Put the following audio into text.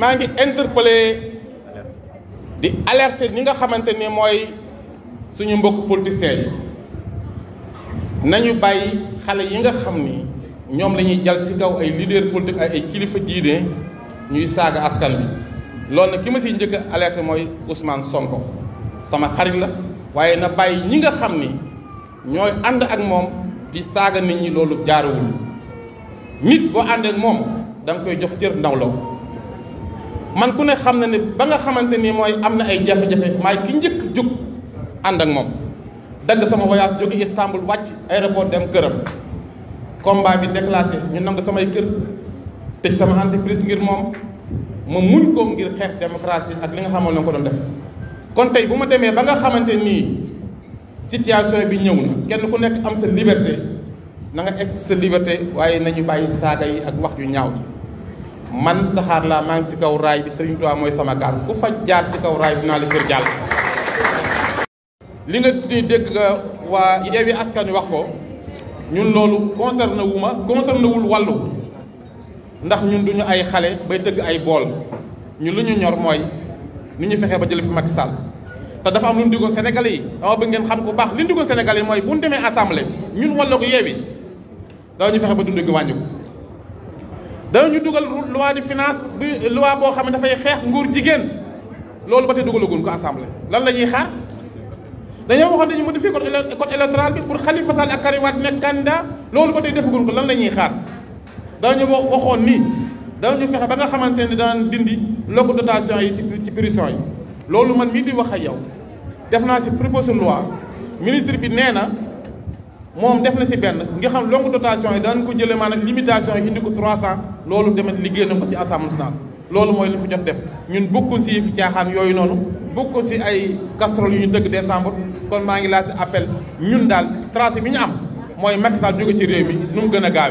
maa ngi interpeller di alerter ñi nga xamante ni mooy suñu mbokk politiciens yi nañu bàyyi xale yi nga xam ni ñoom la ñuy si kaw ay leader politique ay ay kilifa diine ñuy saaga askan bi loolu nag ki ma siy njëkk a alerter mooy Ousmane Sonko sama xarit la waaye na bàyyi ñi nga xam ni ñooy ànd ak moom di saaga nit ñi loolu jaaruwul nit boo ànd moom danga koy jox cër ndaw man ku ne xam na ne ba nga xamante ni mooy am na ay jafe-jafe maay ki njëkk jug ànd ak moom dagg sama voyage jóge Istanbul wàcc aéroport dem këram combat bi déclassé ñu nangu samay kër tëj sama entreprise ngir moom ma muñ ko ngir xeex démocratie ak li nga xamal na ko doon def kon tey bu ma demee ba nga xamante nii situation bi ñëw na kenn ku nekk am sa liberté na nga egg sa liberté waaye nañu bàyyi saaga yi ak wax yu ñaaw man saxaar laa maa ngi ci kaw raay bi Serigne Touba mooy sama kaar ku faj jaar ci kaw raay bi naa la kër jàll. li nga di dégg nga euh, waa Yewwi Askan Wi wax ko ñun loolu concerné wu ma concerné wàllu ndax ñun duñu ay xale bay tëgg ay bool ñu lu ñu ñor mooy ni ñu fexe ba jël fi Macky Sall te dafa am lu ñu digoon Sénégalais yi dama bëgg ngeen xam ku baax li ñu digoon Sénégalais yi mooy bu ñu demee assemblée ñun wàllu ko Yewwi ñu fexe ba dund gi wàññi ñu duggal loi de finance bi loi bo xamne da fay xex nguur jigen lolou ba tey dugalagun ko assemblée lan lañuy xaar dañu waxon dañu modifier code électoral bi pour Khalifa Sall akari wat nek kanda lolou loolu ba tey ko lan la xaar dañu waxoon nii dañu fexé ba nga xamanteni da na dindi loku dotation yi ci ci prison yi lolou man mi di wax ak yow def na ci proposition loi ministre bi nee moom def na si benn nga xam longue dotation yi daan ko jëlee maanaam limitation yi indi ko 300 loolu tamit liggéey na ko ci assemblée nationale loolu mooy li fi jot def ñun bokkuñ si fi yooyu noonu bokkuñ si ay casserole yu ñu tëgg décembre kon maa ngi laa si appel ñun daal tracé bi ñu am mooy Macky Sall jóge ci réew mi nu mu gën a gaaw